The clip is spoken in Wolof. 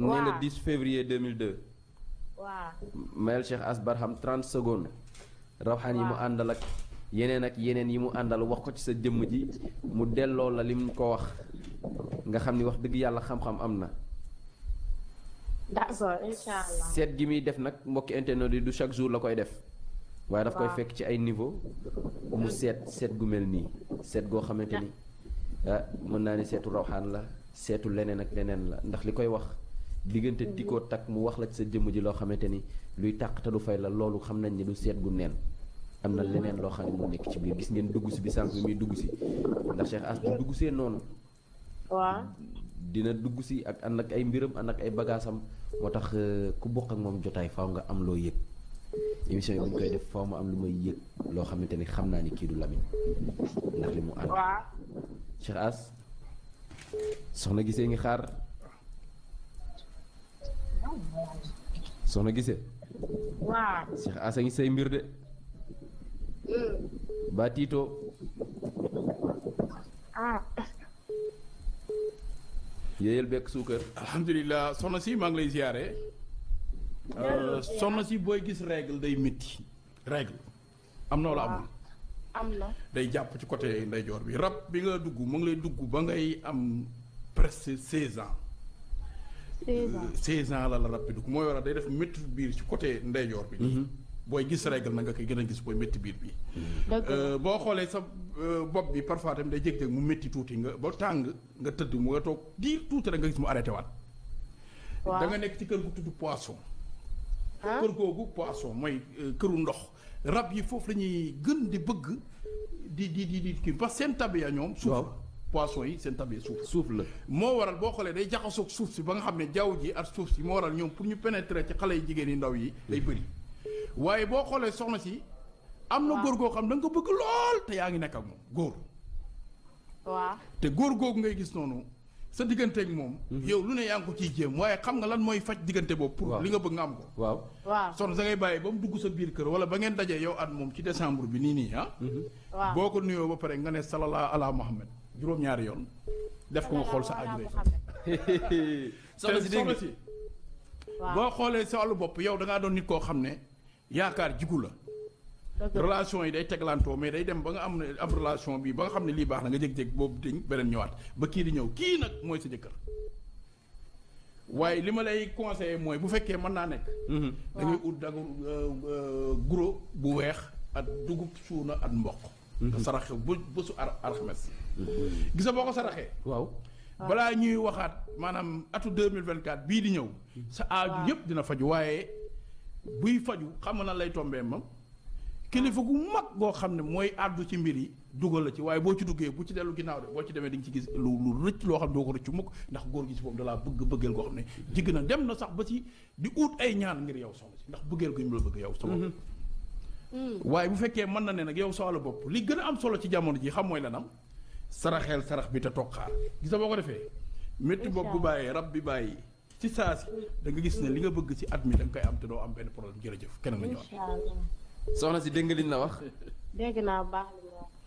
waaw nee na 10 février 2002. waaw Mayel Cheikh As Barham 30 secondes. rawxaan yi mu àndal ak yeneen ak yeneen yi mu àndal wax ko ci sa jëmm ji mu delloo la li lim ko wax nga xam ni wax dëgg yàlla xam-xam am na. d'accord incha allah seet gi muy def nag mbokki internet yi du chaque jour la koy def. waaye daf koy fekk ci ay niveau mu seet seet gu mel nii seet goo xamante ni ah mën naa ni seetu rawxaan la seetu leneen ak leneen la ndax li koy wax. diggante mhm. di ko takk mu wax la ci sa jëmm ji loo xamante ni luy tàq te du fay la loolu xam nañ ni du seet gu neen am na mhm. leneen loo xam ne moo nekk ci biir gis ngeen dugg si bi sànq bi muy dugg si ndax Cheikh noonu. waaw. dina dugg si ak ànd ay mbiram ànd ay bagaasam moo tax euh, ku bokk ak moom jotaay faaw nga am loo yëg. émission yi bu ñu koy def am lu may yëg loo xamante ni xam naa ni kii du Lamine ndax li mu As soxna gisee ngi xaar. soxna gisee. waaw. Cheikh Assa ngi say mbir de. Hmm. ba tiito. ah. bekk suukar. alhamdulilah soxna si maa ngi lay euh, ziare. soxna si booy gis règle day métti. règle am na wala amul. Ah, day jàpp ci côté ndeyjoor bi rab bi nga dugg mu ngi lay dugg ba ngay am presque seize ans. seize ans la la rab bi dugg mooy waral day def métti biir ci côté ndeyjoor bi nii mm-hmm. booy gis règle na nga koy gën a gis booy métti biir bi euh, boo xoolee sa euh, bopp bi parfois tamit day jékki mu métti tuuti nga ba tàng nga tëdd mu nga toog diir tuuti rek nga gis mu arrêté waat da nga nekk ci kër gu tudd poisson kër googu poisson mooy euh, këru ndox rab yi foofu la gën di bëgg di di di di kii parce que seen tabiya ñoom suuf poisson yi seen tabee souf souf la mo waral bo xoolee day jaxassok souf si ba nga xam jaw ji ak souf ci mo waral ñom pour ñu pénétrer ci xalé yi jigéen yi ndaw yi day bëri waye bo soxna si amna gor go xam da nga bëgg lool te yaangi nek ak moom mom, yo te yang gog ngay gis nonu sa ak mom mhm. yow lu ne yaang ko ci jëm waye xam nga lan moy fajj yo ad pour li nga bëgg nga am ko waaw waaw soxna da ngay ba dugg sa biir kër wala ba ngeen dajé yow at mom ci décembre bi ni ni ha ba paré nga ne salala ala muhammad juróom-ñaari yoon def ko nga xool sa aaju day soxna si dégg si boo xoolee sa wàllu bopp yow dangaa doon nit koo xam ne yaakaar jigu la relation yi day teglantoo mais day dem ba nga am ne relation bi ba nga xam ne lii baax na nga jég-jég boobu dañ beneen ñëwaat ba kii di ñëw kii nag mooy sa jëkkër waaye li ma lay conseillé mooy bu fekkee mën naa nekk mm-hmm. da ut dagu euh, euh, guro bu weex ak dugub suuna ak mboq nga mhm. saraxe bu bësu ar alxames mhm. gis nga boo ko saraxee waaw balaa ñuy waxaat maanaam atu deux mille vingt quatre bii di ñëw mhm. sa aaju yëpp dina faju waaye buy faju xam na nan lay tombee ma kilifa gu mag goo xam ne mooy àddu ci mbir yi dugal la ci waaye boo ci duggee bu ci dellu ginnaaw de boo ci demee di ci gis lu lu rëcc loo xam ne doo ko rëcc mukk ndax góor gi si boobu dalaa bëgg bëggeel goo xam ne jigg na dem na sax ba ci di uut ay ñaan ngir yow so si ndax bëggeel gi ñu yow soxna waaye bu fekkee mën na ne nag yow soxla bopp li gën a am solo ci jamono ji xam mooy lanam saraxeel sarax bi te toog xaar gis nga boo ko defee. métti bopp bu bàyyee rab bi bàyyi. ci saa si da nga gis ne li nga bëgg ci at mi da koy am te doo am benn problème jërëjëf keneen la ñu wax. soxna si dégg nga liñ la wax. dégg naa baax li nga wax.